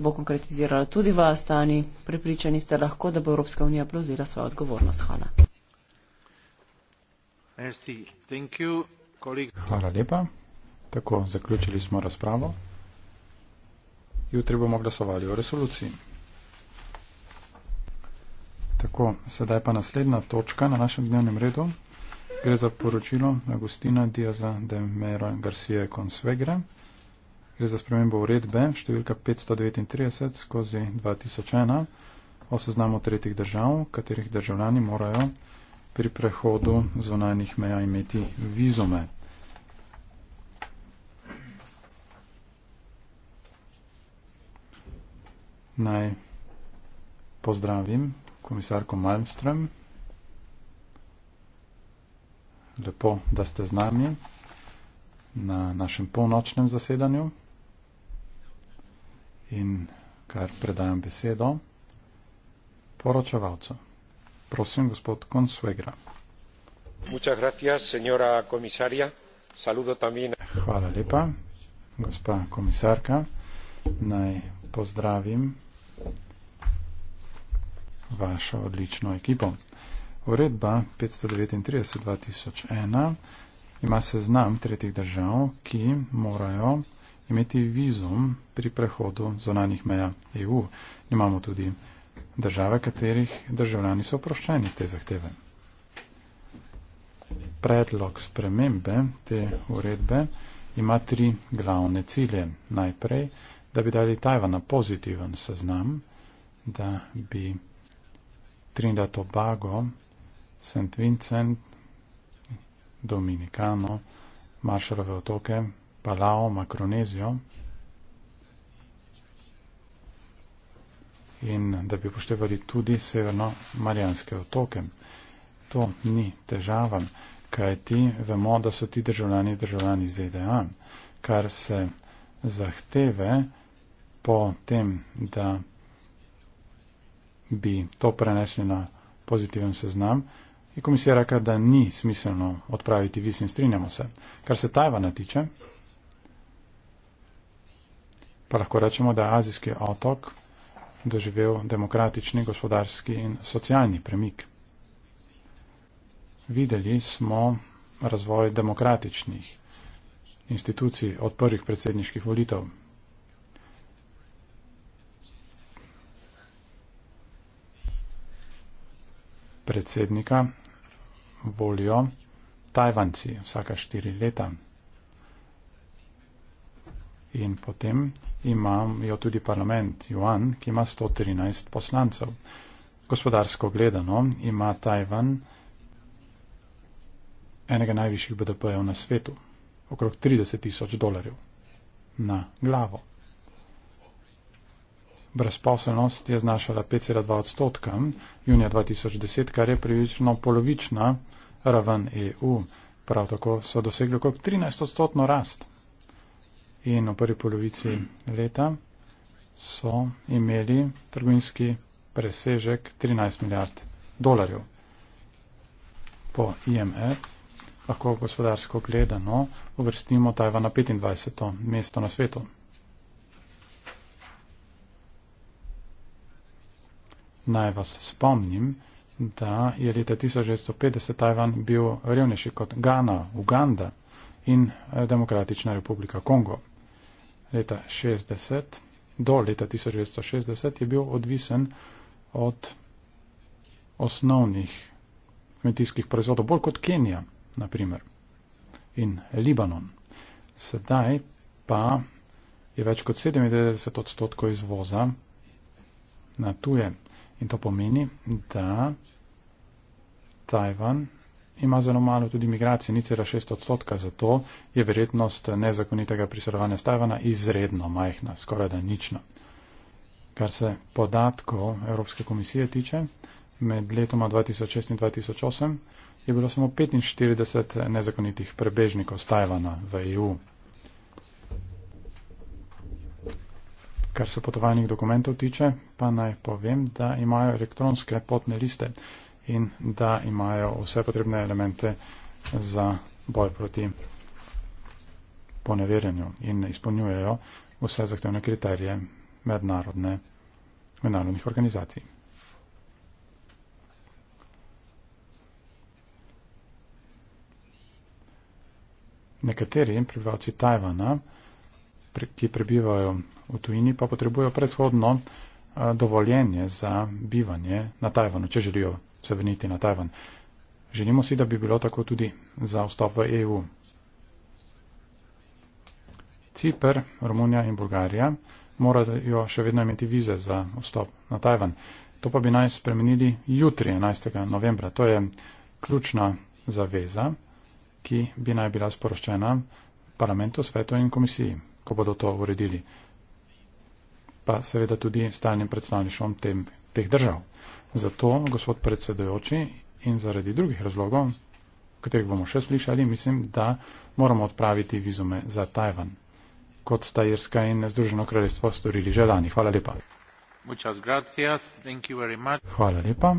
bo konkretizirala tudi v Astani. Pripričani ste lahko, da bo Evropska unija prevzela svojo odgovornost. Hvala. Hvala lepa. Tako, zaključili smo razpravo. Jutri bomo glasovali o resoluciji. Tako, sedaj pa naslednja točka na našem dnevnem redu. Gre za poročilo Agustina Diaza de Mera Garcia Consvegre. Gre za spremembo uredbe številka 539 skozi 2001 o seznamu tretjih držav, katerih državljani morajo pri prehodu zvonajnih meja imeti vizume. Naj pozdravim komisarko Malmström. Lepo, da ste z nami na našem polnočnem zasedanju in kar predajam besedo poročevalcu. Prosim, gospod Consuegra. Muchas gracias, señora comisaria. Saludo también. Hvala lepa, gospa komisarka. Naj pozdravim vašo odlično ekipo. Uredba 539-2001 ima seznam tretjih držav, ki morajo imeti vizum pri prehodu zonanih meja EU. Imamo tudi države, katerih državljani so oproščeni te zahteve. Predlog spremembe te uredbe ima tri glavne cilje. Najprej, da bi dali Tajvan na pozitiven seznam, da bi Trinidad Tobago, St. Vincent, Dominikano, Marshallove otoke, Palau, Makronezijo. In da bi poštevali tudi severno-marijanske otoke. To ni težava, kaj ti vemo, da so ti državljani državljani ZDA, kar se zahteve po tem, da bi to prenesli na pozitiven seznam. In komisija reka, da ni smiselno odpraviti vis in strinjamo se. Kar se Tajvana tiče, pa lahko rečemo, da je azijski otok doživel demokratični, gospodarski in socialni premik. Videli smo razvoj demokratičnih institucij od prvih predsedniških volitev. Predsednika volijo Tajvanci vsaka štiri leta. In potem imajo tudi parlament Juan, ki ima 113 poslancev. Gospodarsko gledano ima Tajvan enega najvišjih BDP-jev na svetu, okrog 30 tisoč dolarjev na glavo. Brezposelnost je znašala 5,2 odstotka junija 2010, kar je približno polovična raven EU. Prav tako so dosegli okrog 13 odstotno rast in v prvi polovici leta so imeli trgovinski presežek 13 milijard dolarjev. Po IMF lahko gospodarsko gledano uvrstimo Tajvan na 25. mesto na svetu. Naj vas spomnim, da je leta 1950 Tajvan bil revnejši kot Ghana, Uganda in eh, Demokratična republika Kongo leta 60 do leta 1960 je bil odvisen od osnovnih kmetijskih proizvodov, bolj kot Kenija, naprimer, in Libanon. Sedaj pa je več kot 97 odstotkov izvoza na tuje. In to pomeni, da Tajvan ima zelo malo tudi migracije, nicela 6 odstotka, zato je verjetnost nezakonitega priseljevanja Tajvana izredno majhna, skoraj da nična. Kar se podatkov Evropske komisije tiče, med letoma 2006 in 2008 je bilo samo 45 nezakonitih prebežnikov z Tajvana v EU. Kar se potovalnih dokumentov tiče, pa naj povem, da imajo elektronske potne liste in da imajo vse potrebne elemente za boj proti poneverjanju in izpolnjujejo vse zahtevne kriterije mednarodne, mednarodnih organizacij. Nekateri prebivalci Tajvana, ki prebivajo v tujini, pa potrebujo predhodno eh, dovoljenje za bivanje na Tajvanu, če želijo se vrniti na Tajvan. Želimo si, da bi bilo tako tudi za vstop v EU. Cipr, Romunija in Bulgarija morajo še vedno imeti vize za vstop na Tajvan. To pa bi naj spremenili jutri, 11. novembra. To je ključna zaveza, ki bi naj bila sporoščena parlamentu, svetu in komisiji, ko bodo to uredili. Pa seveda tudi stalnim predstavništvom teh držav. Zato, gospod predsedojoči, in zaradi drugih razlogov, katerih bomo še slišali, mislim, da moramo odpraviti vizume za Tajvan, kot sta Irska in Združeno kraljestvo storili že lani. Hvala lepa. Hvala lepa.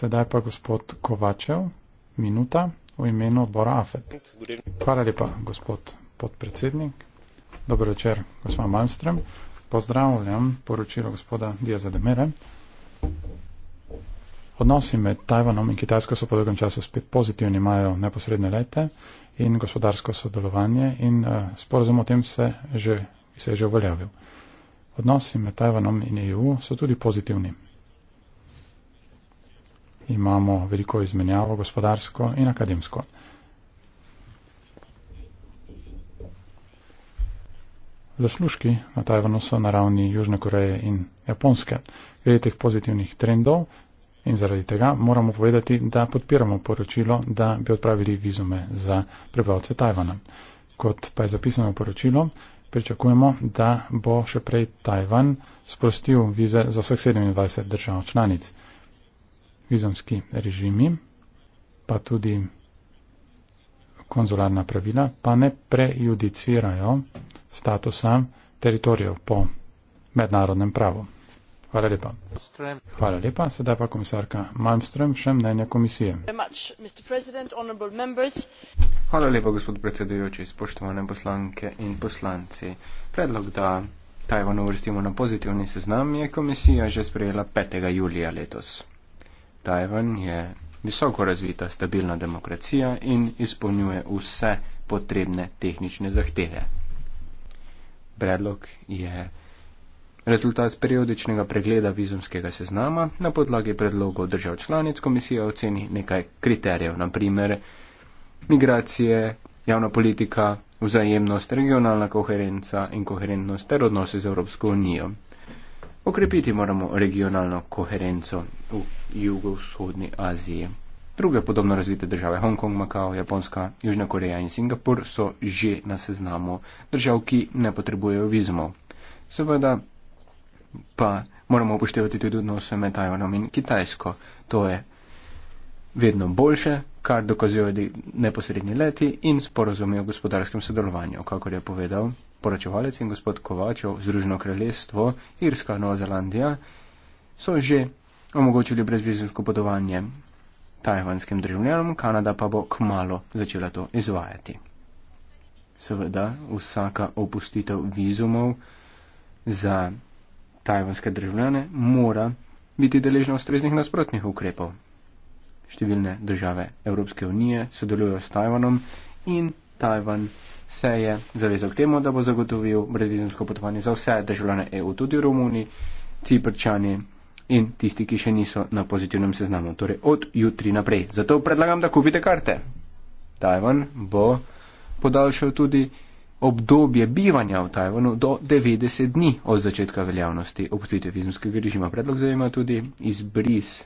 Sedaj pa gospod Kovačev, minuta v imenu odbora AFET. Hvala lepa, gospod podpredsednik. Dobro večer, gospod Malmström. Pozdravljam poročilo gospoda Diaza Demere. Odnosi med Tajvanom in Kitajsko so po dolgem času spet pozitivni, imajo neposredne lete in gospodarsko sodelovanje in uh, eh, sporozum o tem se, že, se je že uveljavil. Odnosi med Tajvanom in EU so tudi pozitivni. Imamo veliko izmenjavo gospodarsko in akademsko. Zaslužki na Tajvanu so na ravni Južne Koreje in Japonske. Glede teh pozitivnih trendov In zaradi tega moramo povedati, da podpiramo poročilo, da bi odpravili vizume za prebivalce Tajvana. Kot pa je zapisano poročilo, pričakujemo, da bo še prej Tajvan sprostil vize za vseh 27 držav članic. Vizumski režimi, pa tudi konzularna pravila, pa ne prejudicirajo statusa teritorijev po mednarodnem pravu. Hvala lepa. Hvala lepa. Sedaj pa komisarka Malmström, še mnenja komisije. Hvala lepa, gospod predsedujoči, spoštovane poslanke in poslanci. Predlog, da Tajvano vrstimo na pozitivni seznam, je komisija že sprejela 5. julija letos. Tajvan je visoko razvita, stabilna demokracija in izpolnjuje vse potrebne tehnične zahteve. Predlog je. Rezultat periodičnega pregleda vizumskega seznama na podlagi predlogov držav članic komisija oceni nekaj kriterijev, naprimer migracije, javna politika, vzajemnost, regionalna koherenca in koherentnost ter odnose z Evropsko unijo. Okrepiti moramo regionalno koherenco v jugovzhodni Aziji. Druge podobno razvite države Hongkong, Makao, Japonska, Južna Koreja in Singapur so že na seznamu držav, ki ne potrebujejo vizumov. Seveda pa moramo upoštevati tudi odnose med Tajvanom in Kitajsko. To je vedno boljše, kar dokazujejo neposrednji leti in sporozumijo o gospodarskem sodelovanju, kakor je povedal poročevalec in gospod Kovačev, Združeno kraljestvo, Irska, Nova Zelandija, so že omogočili brezvizijsko podovanje tajvanskim državljanom, Kanada pa bo kmalo začela to izvajati. Seveda, vsaka opustitev vizumov za tajvanske državljane, mora biti deležna ustreznih nasprotnih ukrepov. Številne države Evropske unije sodelujo s Tajvanom in Tajvan se je zavezal k temu, da bo zagotovil brezvizumsko potovanje za vse državljane EU, tudi Romuni, Ciprčani in tisti, ki še niso na pozitivnem seznamu, torej od jutri naprej. Zato predlagam, da kupite karte. Tajvan bo podaljšal tudi obdobje bivanja v Tajvanu do 90 dni od začetka veljavnosti opustitve vizumskega režima. Predlog zajema tudi izbris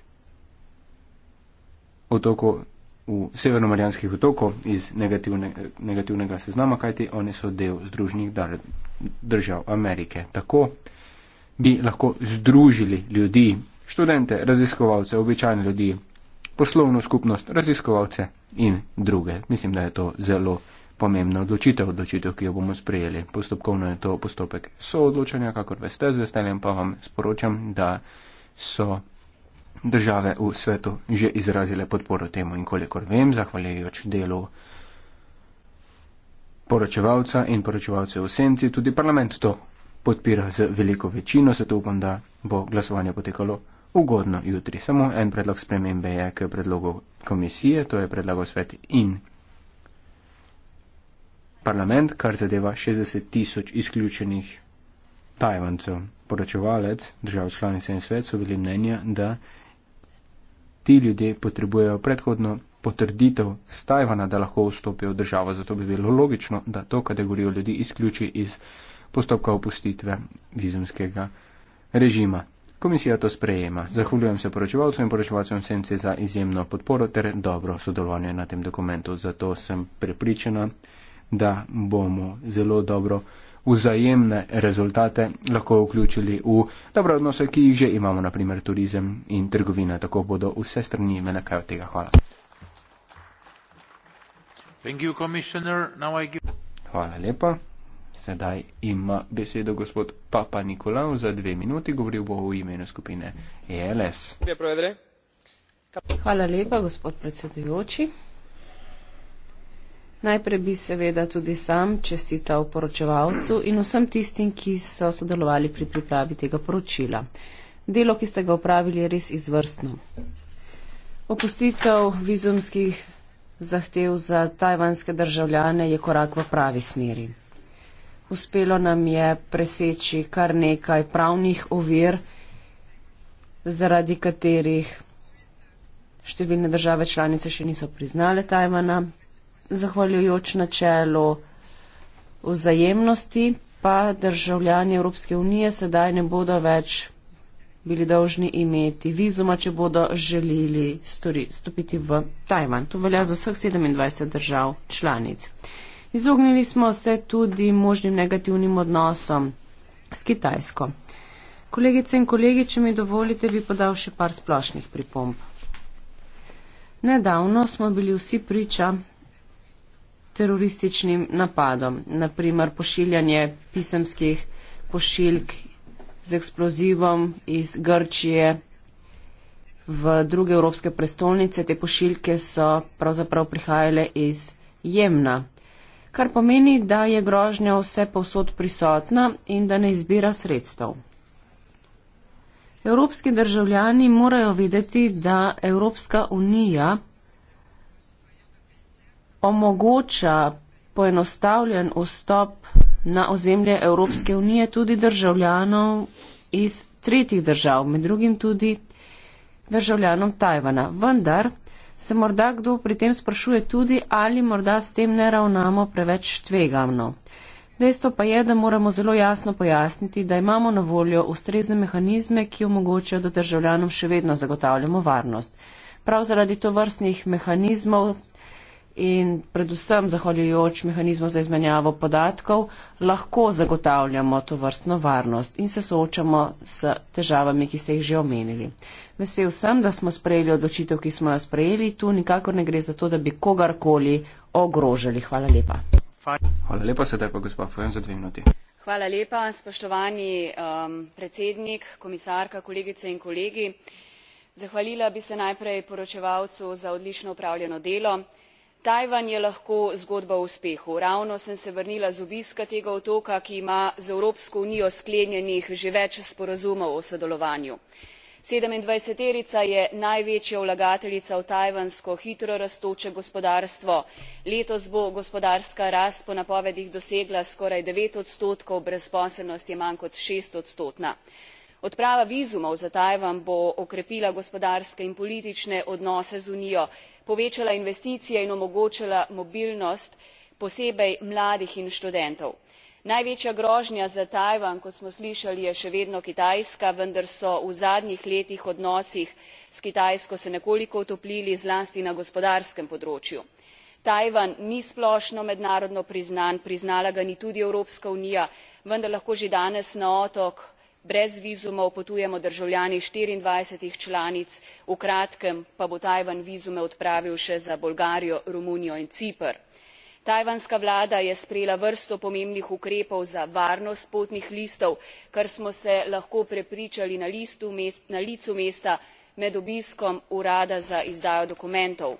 otokov, severno-marijanskih otokov iz negativne, negativnega seznama, kajti oni so del združnih držav Amerike. Tako bi lahko združili ljudi, študente, raziskovalce, običajne ljudi, poslovno skupnost, raziskovalce in druge. Mislim, da je to zelo pomembna odločitev, odločitev, ki jo bomo sprejeli. Postopkovno je to postopek soodločanja, kakor veste, z veseljem pa vam sporočam, da so države v svetu že izrazile podporo temu in kolikor vem, zahvaljujoč delu poročevalca in poročevalce v senci, tudi parlament to podpira z veliko večino, zato upam, da bo glasovanje potekalo ugodno jutri. Samo en predlog spremembe je k predlogu komisije, to je predlagal svet in parlament, kar zadeva 60 tisoč izključenih Tajvancev. Poročevalec držav članice in svet so bili mnenja, da ti ljudje potrebujejo predhodno potrditev z Tajvana, da lahko vstopijo v državo. Zato bi bilo logično, da to kategorijo ljudi izključi iz postopka opustitve vizumskega režima. Komisija to sprejema. Zahvaljujem se poročevalcem in poročevalcem Sence za izjemno podporo ter dobro sodelovanje na tem dokumentu. Zato sem prepričana, da bomo zelo dobro vzajemne rezultate lahko vključili v dobro odnose, ki jih že imamo, naprimer turizem in trgovina. Tako bodo vse strani imele kaj od tega. Hvala. You, give... Hvala lepa. Sedaj ima besedo gospod Papa Nikolaus za dve minuti, govoril bo v imenu skupine ELS. Hvala lepa, gospod predsedujoči. Najprej bi seveda tudi sam čestital poročevalcu in vsem tistim, ki so sodelovali pri pripravi tega poročila. Delo, ki ste ga upravili, je res izvrstno. Opustitev vizumskih zahtev za tajvanske državljane je korak v pravi smeri. Uspelo nam je preseči kar nekaj pravnih ovir, zaradi katerih številne države članice še niso priznale Tajvana, zahvaljujoč načelu vzajemnosti, pa državljani Evropske unije sedaj ne bodo več bili dolžni imeti vizuma, če bodo želeli stori, stopiti v Tajvan. To velja za vseh 27 držav članic. Izognili smo se tudi možnim negativnim odnosom s Kitajsko. Kolegice in kolegi, če mi dovolite, bi podal še par splošnih pripomb. Nedavno smo bili vsi priča terorističnim napadom, naprimer pošiljanje pisemskih pošiljk z eksplozivom iz Grčije v druge evropske prestolnice. Te pošiljke so pravzaprav prihajale iz Jemna, kar pomeni, da je grožnja vse povsod prisotna in da ne izbira sredstev. Evropski državljani morajo vedeti, da Evropska unija omogoča poenostavljen vstop na ozemlje Evropske unije tudi državljanov iz tretjih držav, med drugim tudi državljanom Tajvana. Vendar se morda kdo pri tem sprašuje tudi, ali morda s tem ne ravnamo preveč tvegavno. Dejstvo pa je, da moramo zelo jasno pojasniti, da imamo na voljo ustrezne mehanizme, ki omogočajo, da državljanom še vedno zagotavljamo varnost. Prav zaradi to vrstnih mehanizmov in predvsem zahvaljujoč mehanizmu za izmenjavo podatkov lahko zagotavljamo to vrstno varnost in se soočamo s težavami, ki ste jih že omenili. Vesel sem, da smo sprejeli odločitev, ki smo jo sprejeli. Tu nikakor ne gre za to, da bi kogarkoli ogrožili. Hvala lepa. Hvala lepa, sedaj pa gospod Fojem za dve minuti. Hvala lepa, spoštovani um, predsednik, komisarka, kolegice in kolegi. Zahvalila bi se najprej poročevalcu za odlično upravljeno delo tajvan je lahko zgodba o uspehu ravno sem se vrnila z obiska tega otoka ki ima z evropsko unijo sklenjenih že več sporazumov o sodelovanju. sedemindvajseterica je največja vlagateljica v tajvansko hitro rastoče gospodarstvo letos bo gospodarska rast po napovedih dosegla skoraj devet odstotkov brezposelnost je manj kot šestodstotna. odprava vizumov za tajvan bo okrepila gospodarske in politične odnose z unijo povečala investicije in omogočala mobilnost posebej mladih in študentov. največja grožnja za tajvan kot smo slišali je še vedno kitajska vendar so v zadnjih letih odnosi s kitajsko se nekoliko otoplili zlasti na gospodarskem področju. tajvan ni splošno mednarodno priznan priznala ga ni tudi evropska unija vendar lahko že danes na otok brez vizumov potujemo državljani štiriindvajset članic v kratkem pa bo tajvan vizume odpravil še za bolgarijo romunijo in ciper. tajvanska vlada je sprejela vrsto pomembnih ukrepov za varnost potnih listov kar smo se lahko prepričali na licu mesta med obiskom urada za izdajo dokumentov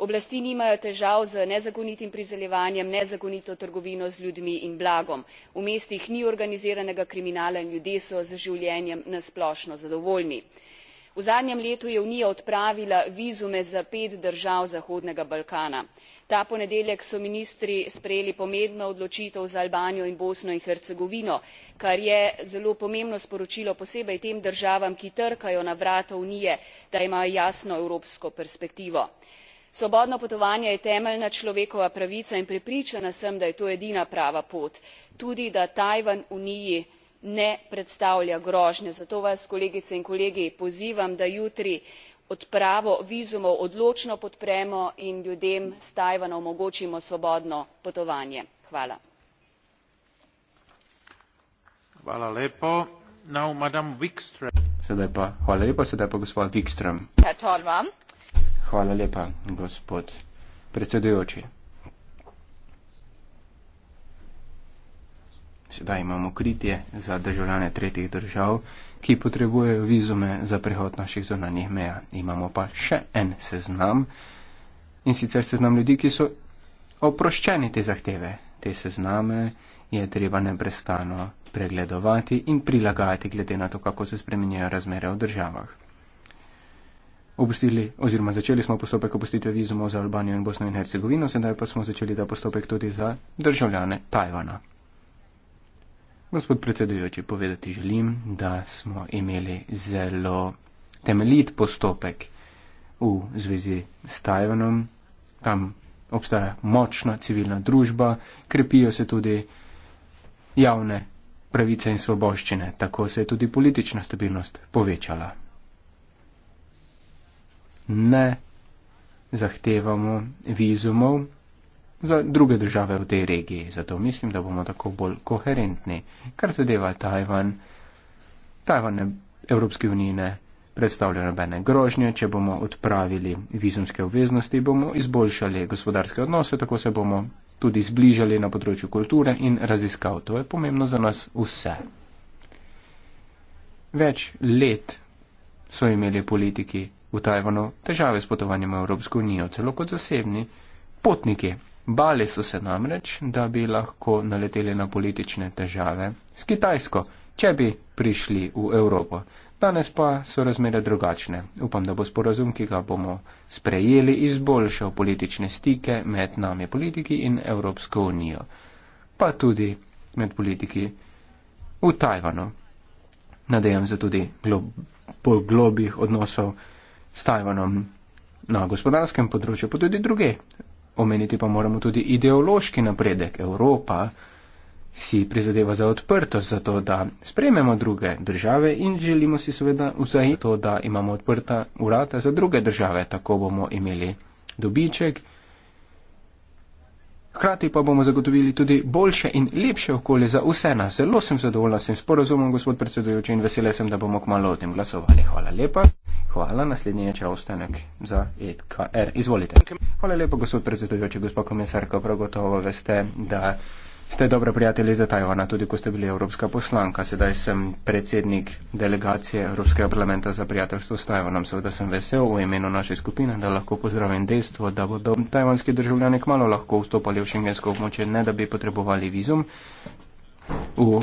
oblasti nimajo težav z nezakonitim priseljevanjem nezakonito trgovino z ljudmi in blagom v mestih ni organiziranega kriminala in ljudje so z življenjem na splošno zadovoljni. v zadnjem letu je unija odpravila vizume za pet držav zahodnega balkana. ta ponedeljek so ministri sprejeli pomembno odločitev za albanijo in bosno in hercegovino kar je zelo pomembno sporočilo posebej tem državam ki trkajo na vrata unije da imajo jasno evropsko perspektivo svobodno potovanje je temeljna človekova pravica in prepričana sem da je to edina prava pot tudi da tajvan uniji ne predstavlja grožnje zato vas kolegice in kolegi pozivam da jutri odpravo vizumov odločno podpremo in ljudem s tajvana omogočimo svobodno potovanje. Hvala lepa, gospod predsedujoči. Sedaj imamo kritje za državljane tretjih držav, ki potrebujejo vizume za prehod naših zonanih meja. Imamo pa še en seznam in sicer seznam ljudi, ki so oproščeni te zahteve. Te sezname je treba neprestano pregledovati in prilagajati glede na to, kako se spremenjajo razmere v državah opustili, oziroma začeli smo postopek opustitve vizumov za Albanijo in Bosno in Hercegovino, sedaj pa smo začeli ta postopek tudi za državljane Tajvana. Gospod predsedujoči, povedati želim, da smo imeli zelo temeljit postopek v zvezi s Tajvanom. Tam obstaja močna civilna družba, krepijo se tudi javne pravice in svoboščine, tako se je tudi politična stabilnost povečala ne zahtevamo vizumov za druge države v tej regiji. Zato mislim, da bomo tako bolj koherentni. Kar zadeva Tajvan, Tajvan ne, Evropske unije ne predstavlja nobene grožnje. Če bomo odpravili vizumske obveznosti, bomo izboljšali gospodarske odnose, tako se bomo tudi zbližali na področju kulture in raziskav. To je pomembno za nas vse. Več let so imeli politiki V Tajvanu težave s potovanjem v Evropsko unijo celo kot zasebni potniki. Bali so se namreč, da bi lahko naleteli na politične težave s Kitajsko, če bi prišli v Evropo. Danes pa so razmere drugačne. Upam, da bo sporazum, ki ga bomo sprejeli, izboljšal politične stike med nami politiki in Evropsko unijo, pa tudi med politiki v Tajvanu. Nadejam se tudi glob, po globih odnosov s Tajvanom na gospodarskem področju, pa tudi druge. Omeniti pa moramo tudi ideološki napredek. Evropa si prizadeva za odprtost, zato da sprejmemo druge države in želimo si seveda vzajeti to, da imamo odprta urata za druge države. Tako bomo imeli dobiček. Hkrati pa bomo zagotovili tudi boljše in lepše okolje za vse nas. Zelo sem zadovoljna s tem sporozumom, gospod predsedujoči, in vesela sem, da bomo kmalo o tem glasovali. Hvala lepa. Hvala, naslednji je čelostanek za EKR. Izvolite. Hvala lepo, gospod predsedujoči, gospod komisarko. Prav gotovo veste, da ste dobro prijatelji za Tajvana, tudi ko ste bili evropska poslanka. Sedaj sem predsednik delegacije Evropskega parlamenta za prijateljstvo s Tajvanom. Seveda sem vesel v imenu naše skupine, da lahko pozdravim dejstvo, da bodo tajvanski državljani kmalo lahko vstopali v šengensko območje, ne da bi potrebovali vizum v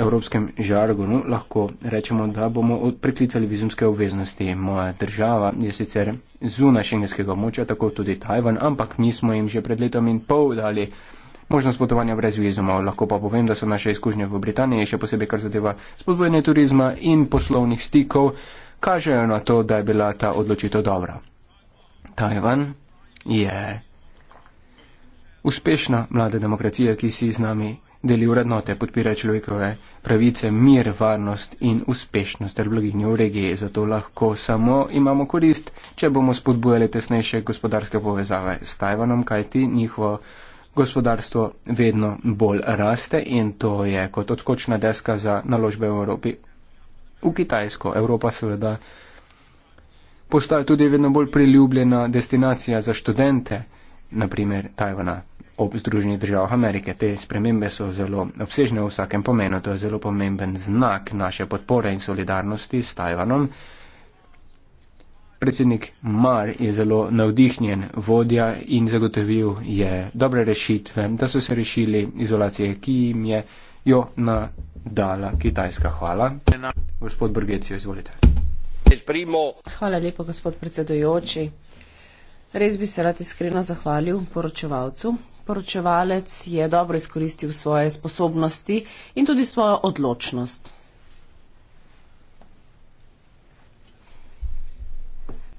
evropskem žargonu lahko rečemo, da bomo priklicali vizumske obveznosti. Moja država je sicer zuna šengenskega moča, tako tudi Tajvan, ampak mi smo jim že pred letom in pol dali možnost potovanja brez vizumov. Lahko pa povem, da so naše izkušnje v Britaniji, še posebej kar zadeva spodbojanje turizma in poslovnih stikov, kažejo na to, da je bila ta odločitev dobra. Tajvan je uspešna mlada demokracija, ki si z nami deli vrednote, podpira človekove pravice, mir, varnost in uspešnost ter blaginjo v regiji. Zato lahko samo imamo korist, če bomo spodbujali tesnejše gospodarske povezave s Tajvanom, kajti njihovo gospodarstvo vedno bolj raste in to je kot odskočna deska za naložbe v Evropi. V Kitajsko Evropa seveda postaja tudi vedno bolj priljubljena destinacija za študente, naprimer Tajvana ob Združenih državah Amerike. Te spremembe so zelo obsežne v vsakem pomenu. To je zelo pomemben znak naše podpore in solidarnosti s Tajvanom. Predsednik Mar je zelo navdihnjen vodja in zagotovil je dobre rešitve, da so se rešili izolacije, ki jim je jo nadala Kitajska. Hvala. Gospod Brgecijo, izvolite. Hvala lepo, gospod predsedojoči. Res bi se rad iskreno zahvalil poročevalcu, poročevalec je dobro izkoristil svoje sposobnosti in tudi svojo odločnost.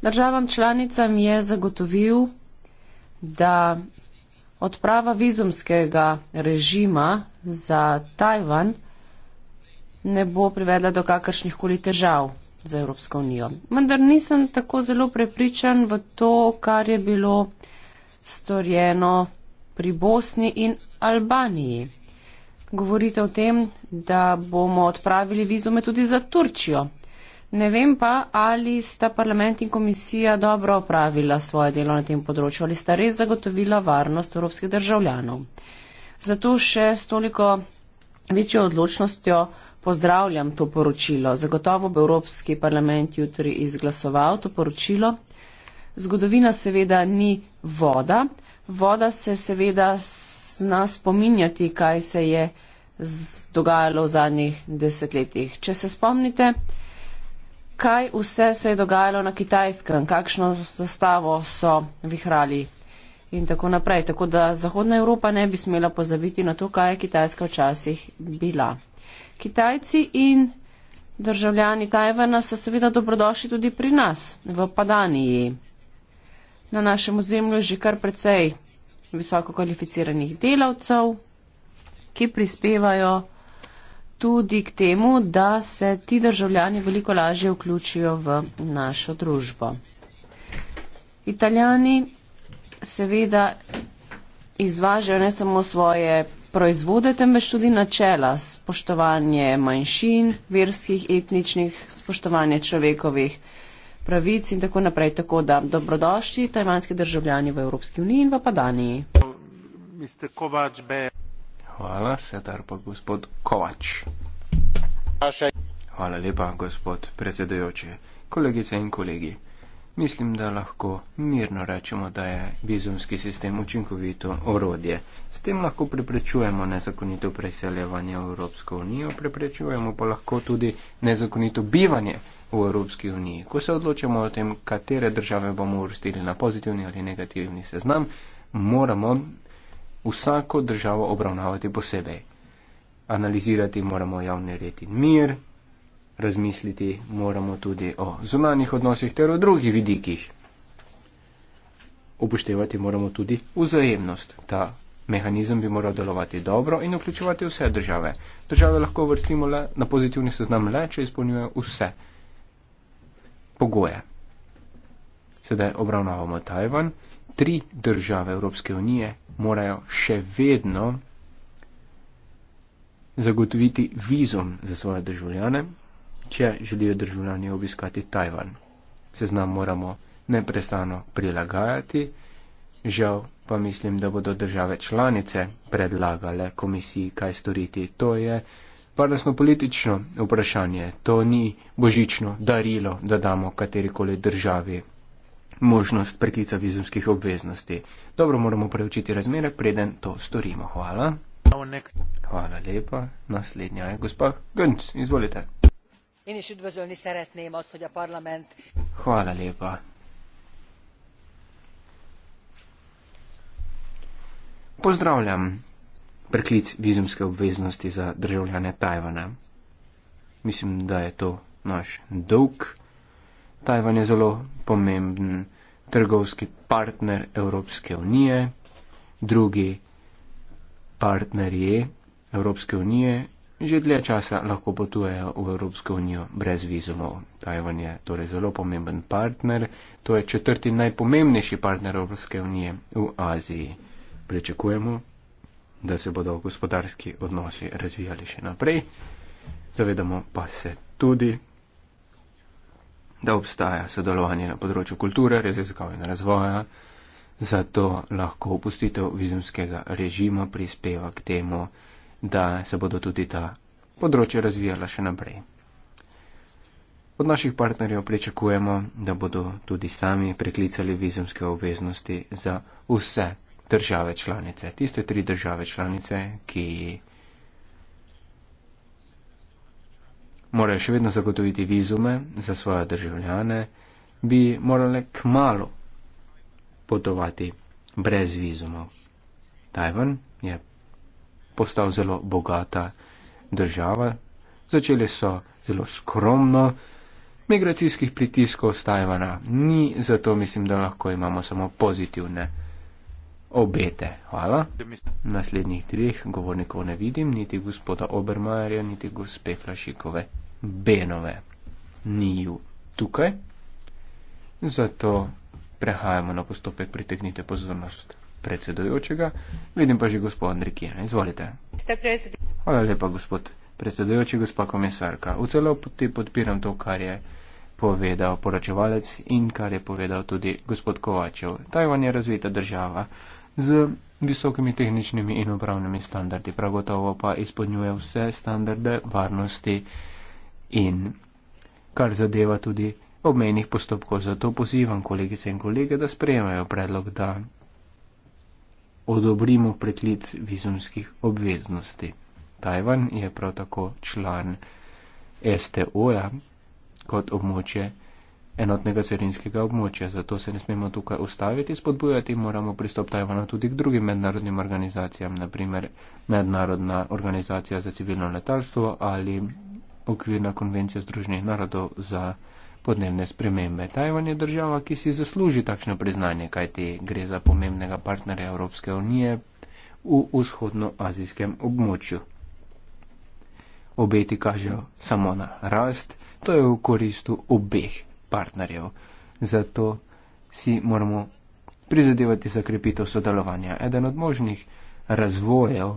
Državam članicam je zagotovil, da odprava vizumskega režima za Tajvan ne bo privedla do kakršnih koli težav za Evropsko unijo. Vendar nisem tako zelo prepričan v to, kar je bilo storjeno pri Bosni in Albaniji. Govorite o tem, da bomo odpravili vizume tudi za Turčijo. Ne vem pa, ali sta parlament in komisija dobro opravila svoje delo na tem področju, ali sta res zagotovila varnost evropskih državljanov. Zato še s toliko večjo odločnostjo pozdravljam to poročilo. Zagotovo bo Evropski parlament jutri izglasoval to poročilo. Zgodovina seveda ni voda voda se seveda zna spominjati, kaj se je dogajalo v zadnjih desetletjih. Če se spomnite, kaj vse se je dogajalo na Kitajskem, kakšno zastavo so vihrali in tako naprej. Tako da Zahodna Evropa ne bi smela pozabiti na to, kaj je Kitajska včasih bila. Kitajci in državljani Tajvana so seveda dobrodošli tudi pri nas, v Padaniji na našem ozemlju že kar precej visoko kvalificiranih delavcev, ki prispevajo tudi k temu, da se ti državljani veliko lažje vključijo v našo družbo. Italijani seveda izvažajo ne samo svoje proizvode, temveč tudi načela spoštovanje manjšin, verskih, etničnih, spoštovanje človekovih pravic in tako naprej. Tako da dobrodošli tajvanski državljani v Evropski uniji in v Padaniji. Hvala, sedaj pa gospod Kovač. Hvala lepa, gospod predsedujoči, kolegice in kolegi. Mislim, da lahko mirno rečemo, da je vizumski sistem učinkovito orodje. S tem lahko preprečujemo nezakonito preseljevanje v Evropsko unijo, preprečujemo pa lahko tudi nezakonito bivanje v Evropski uniji. Ko se odločamo o tem, katere države bomo uvrstili na pozitivni ali negativni seznam, moramo vsako državo obravnavati posebej. Analizirati moramo javni red in mir, razmisliti moramo tudi o zunanjih odnosih ter o drugih vidikih. Upoštevati moramo tudi vzajemnost. Ta mehanizem bi moral delovati dobro in vključevati vse države. Države lahko vrstimo le na pozitivni seznam le, če izpolnjujejo vse pogoje. Sedaj obravnavamo Tajvan. Tri države Evropske unije morajo še vedno zagotoviti vizum za svoje državljane, če želijo državljani obiskati Tajvan. Seznam moramo neprestano prilagajati. Žal pa mislim, da bodo države članice predlagale komisiji, kaj storiti. To je varnostno-politično vprašanje, to ni božično darilo, da damo katerikoli državi možnost preklica vizumskih obveznosti. Dobro moramo preučiti razmere, preden to storimo. Hvala. Hvala lepa. Naslednja je gospa Gönc. Izvolite. Én is üdvözölni szeretném azt, hogy a parlament... Hvala lépa. Pozdravljam preklic vizumske obveznosti za državljane Tajvana. Mislim, da je to naš dolg. Tajvan je zelo pomemben trgovski partner Evropske unije, drugi partnerje Evropske unije že dlje časa lahko potujejo v Evropsko unijo brez vizumov. Tajvan je torej zelo pomemben partner, to je četrti najpomembnejši partner Evropske unije v Aziji. Prečakujemo, da se bodo gospodarski odnosi razvijali še naprej. Zavedamo pa se tudi, da obstaja sodelovanje na področju kulture, raziskav in razvoja, zato lahko opustitev vizumskega režima prispeva k temu, da se bodo tudi ta področja razvijala še naprej. Od naših partnerjev pričakujemo, da bodo tudi sami preklicali vizumske obveznosti za vse države članice, tiste tri države članice, ki morajo še vedno zagotoviti vizume za svoje državljane, bi morale k malu potovati brez vizumov. Tajvan je postal zelo bogata država, začeli so zelo skromno, migracijskih pritiskov s Tajvana ni, zato mislim, da lahko imamo samo pozitivne obete. Hvala. Naslednjih treh govornikov ne vidim, niti gospoda Obermajerja, niti gospe Flašikove Benove. Ni ju tukaj. Zato prehajamo na postopek pritegnite pozornost predsedojočega. Vidim pa že gospod Andrikina. Izvolite. Hvala lepa, gospod predsedojoči, gospa komisarka. V celoti podpiram to, kar je povedal poročevalec in kar je povedal tudi gospod Kovačev. Tajvan je razvita država z visokimi tehničnimi in upravnimi standardi. Prav gotovo pa izpodnjuje vse standarde varnosti in kar zadeva tudi obmejnih postopkov. Zato pozivam kolegice in kolege, da sprejemajo predlog, da odobrimo preklic vizumskih obveznosti. Tajvan je prav tako član STO-ja kot območje enotnega carinskega območja, zato se ne smemo tukaj ustaviti, spodbujati moramo pristop Tajvana tudi k drugim mednarodnim organizacijam, naprimer Mednarodna organizacija za civilno letalstvo ali okvirna konvencija Združenih narodov za podnebne spremembe. Tajvan je država, ki si zasluži takšno priznanje, kajti gre za pomembnega partnerja Evropske unije v vzhodnoazijskem območju. Obeti kažejo samo na rast, to je v koristu obeh partnerjev. Zato si moramo prizadevati za krepitev sodelovanja. Eden od možnih razvojev,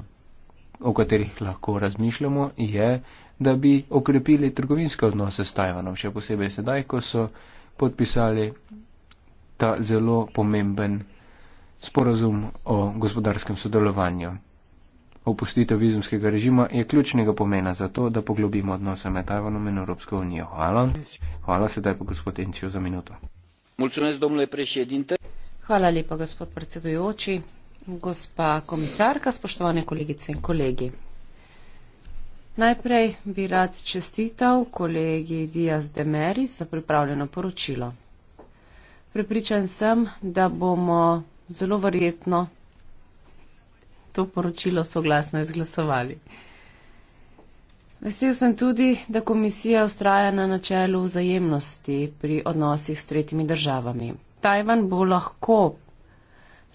o katerih lahko razmišljamo, je, da bi okrepili trgovinske odnose s Tajvanom, še posebej sedaj, ko so podpisali ta zelo pomemben sporazum o gospodarskem sodelovanju. Opustitev vizumskega režima je ključnega pomena za to, da poglobimo odnose med Tajvanom in Evropsko unijo. Hvala. Hvala sedaj pa gospod Encijo za minuto. Hvala lepa, gospod predsedujoči, gospa komisarka, spoštovane kolegice in kolegi. Najprej bi rad čestital kolegi Dias de Meris za pripravljeno poročilo. Pripričan sem, da bomo zelo verjetno to poročilo soglasno izglasovali. Vesel sem tudi, da komisija ustraja na načelu vzajemnosti pri odnosih s tretjimi državami. Tajvan bo lahko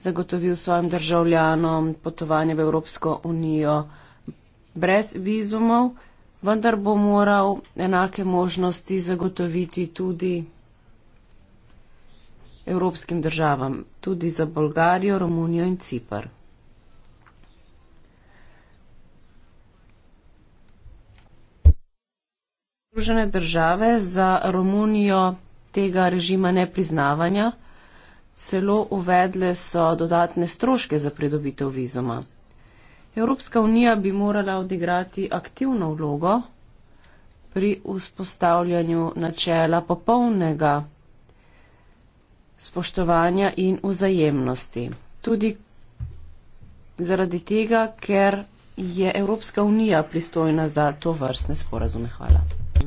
zagotovil svojim državljanom potovanje v Evropsko unijo brez vizumov, vendar bo moral enake možnosti zagotoviti tudi evropskim državam, tudi za Bolgarijo, Romunijo in Cipr. Združene države za Romunijo tega režima nepriznavanja, celo uvedle so dodatne stroške za pridobitev vizuma. Evropska unija bi morala odigrati aktivno vlogo pri vzpostavljanju načela popolnega spoštovanja in vzajemnosti. Tudi zaradi tega, ker je Evropska unija pristojna za to vrstne sporazume. Hvala.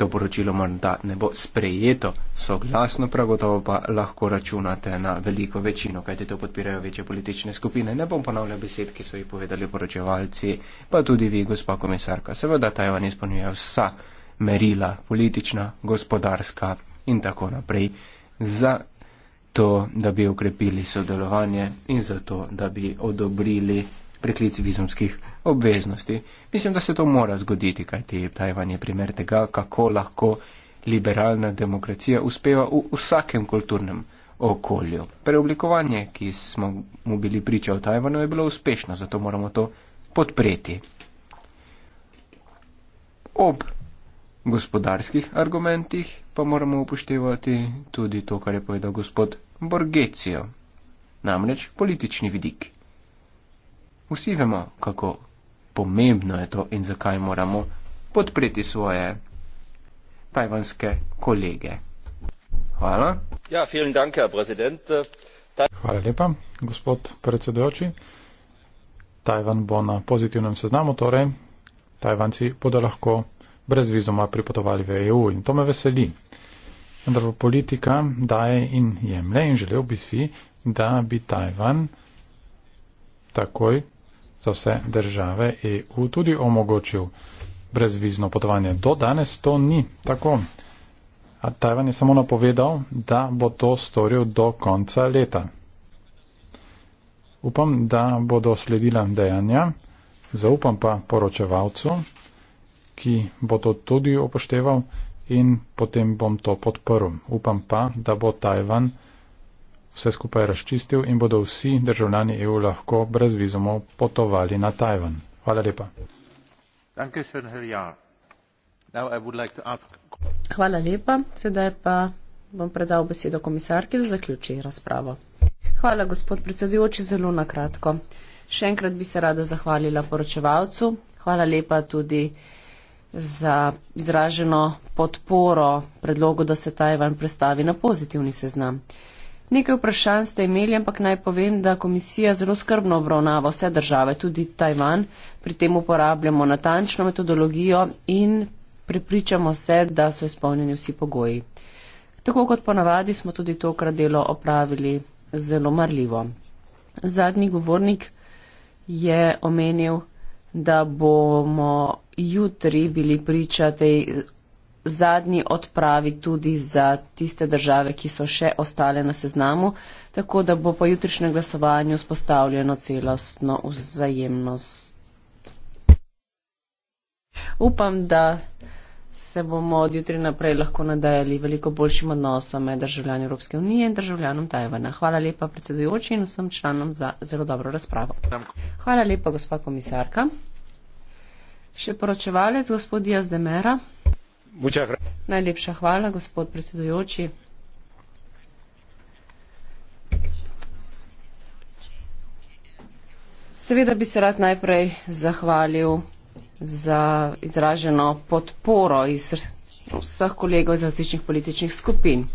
To poročilo morda ne bo sprejeto, soglasno prav gotovo pa lahko računate na veliko večino, kajte to podpirajo večje politične skupine. Ne bom ponavljal besed, ki so jih povedali poročevalci, pa tudi vi, gospa komisarka. Seveda Tajvan izpolnjuje vsa merila, politična, gospodarska in tako naprej, za to, da bi ukrepili sodelovanje in za to, da bi odobrili preklic vizumskih obveznosti. Mislim, da se to mora zgoditi, kajti Tajvan je primer tega, kako lahko liberalna demokracija uspeva v vsakem kulturnem okolju. Preoblikovanje, ki smo mu bili priča v Tajvanu, je bilo uspešno, zato moramo to podpreti. Ob gospodarskih argumentih pa moramo upoštevati tudi to, kar je povedal gospod Borgecijo, namreč politični vidik. Vsi vemo, kako pomembno je to in zakaj moramo podpreti svoje tajvanske kolege. Hvala. Ja, dank, Hvala lepa, gospod predsedojoči. Tajvan bo na pozitivnem seznamu, torej Tajvanci bodo lahko brez vizuma pripotovali v EU in to me veseli. Vendar politika daje in jemlje in želel bi si, da bi Tajvan takoj za vse države EU tudi omogočil brezvizno potovanje. Do danes to ni tako. A Tajvan je samo napovedal, da bo to storil do konca leta. Upam, da bodo sledila dejanja, zaupam pa poročevalcu, ki bo to tudi upošteval in potem bom to podporil. Upam pa, da bo Tajvan vse skupaj razčistil in bodo vsi državljani EU lahko brez vizumov potovali na Tajvan. Hvala lepa. Hvala lepa. Sedaj pa bom predal besedo komisarki, da zaključi razpravo. Hvala, gospod predsedujoči, zelo na kratko. Še enkrat bi se rada zahvalila poročevalcu. Hvala lepa tudi za izraženo podporo predlogu, da se Tajvan predstavi na pozitivni seznam. Nekaj vprašanj ste imeli, ampak naj povem, da komisija zelo skrbno obravnava vse države, tudi Tajvan. Pri tem uporabljamo natančno metodologijo in pripričamo se, da so izpolnjeni vsi pogoji. Tako kot ponavadi smo tudi tokrat delo opravili zelo marljivo. Zadnji govornik je omenil, da bomo jutri bili priča tej zadnji odpravi tudi za tiste države, ki so še ostale na seznamu, tako da bo po jutrišnjem glasovanju spostavljeno celostno vzajemnost. Upam, da se bomo od jutri naprej lahko nadajali veliko boljšim odnosom med državljanjem Evropske unije in državljanom Tajvana. Hvala lepa predsedujoči in vsem članom za zelo dobro razpravo. Hvala lepa, gospa komisarka. Še poročevalec, gospod Jazdemera. Najlepša hvala, gospod predsedujoči. Seveda bi se rad najprej zahvalil za izraženo podporo iz vseh kolegov iz različnih političnih skupin.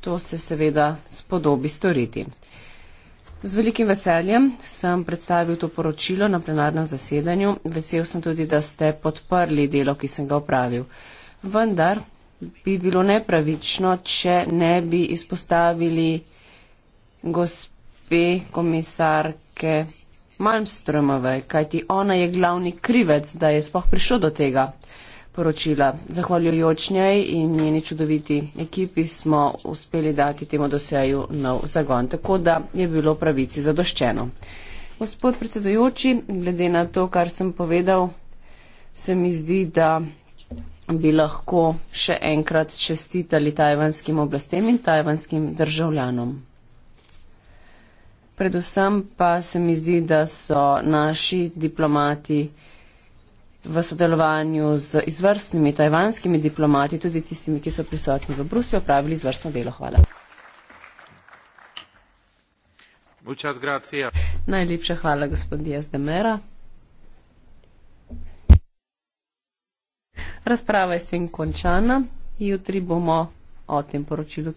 To se seveda spodobi storiti. Z velikim veseljem sem predstavil to poročilo na plenarnem zasedanju. Vesel sem tudi, da ste podprli delo, ki sem ga upravil. Vendar bi bilo nepravično, če ne bi izpostavili gospe komisarke Malmstromove, kajti ona je glavni krivec, da je spoh prišlo do tega poročila. Zahvaljujoč njej in njeni čudoviti ekipi smo uspeli dati temu doseju nov zagon, tako da je bilo pravici zadoščeno. Gospod predsedujoči, glede na to, kar sem povedal, se mi zdi, da bi lahko še enkrat čestitali tajvanskim oblastem in tajvanskim državljanom. Predvsem pa se mi zdi, da so naši diplomati v sodelovanju z izvrstnimi tajvanskimi diplomati, tudi tistimi, ki so prisotni v Bruslju, opravili izvrstno delo. Hvala. Najlepša hvala, gospod Diaz de Mera. Razprava je s tem končana. Jutri bomo o tem poročilu.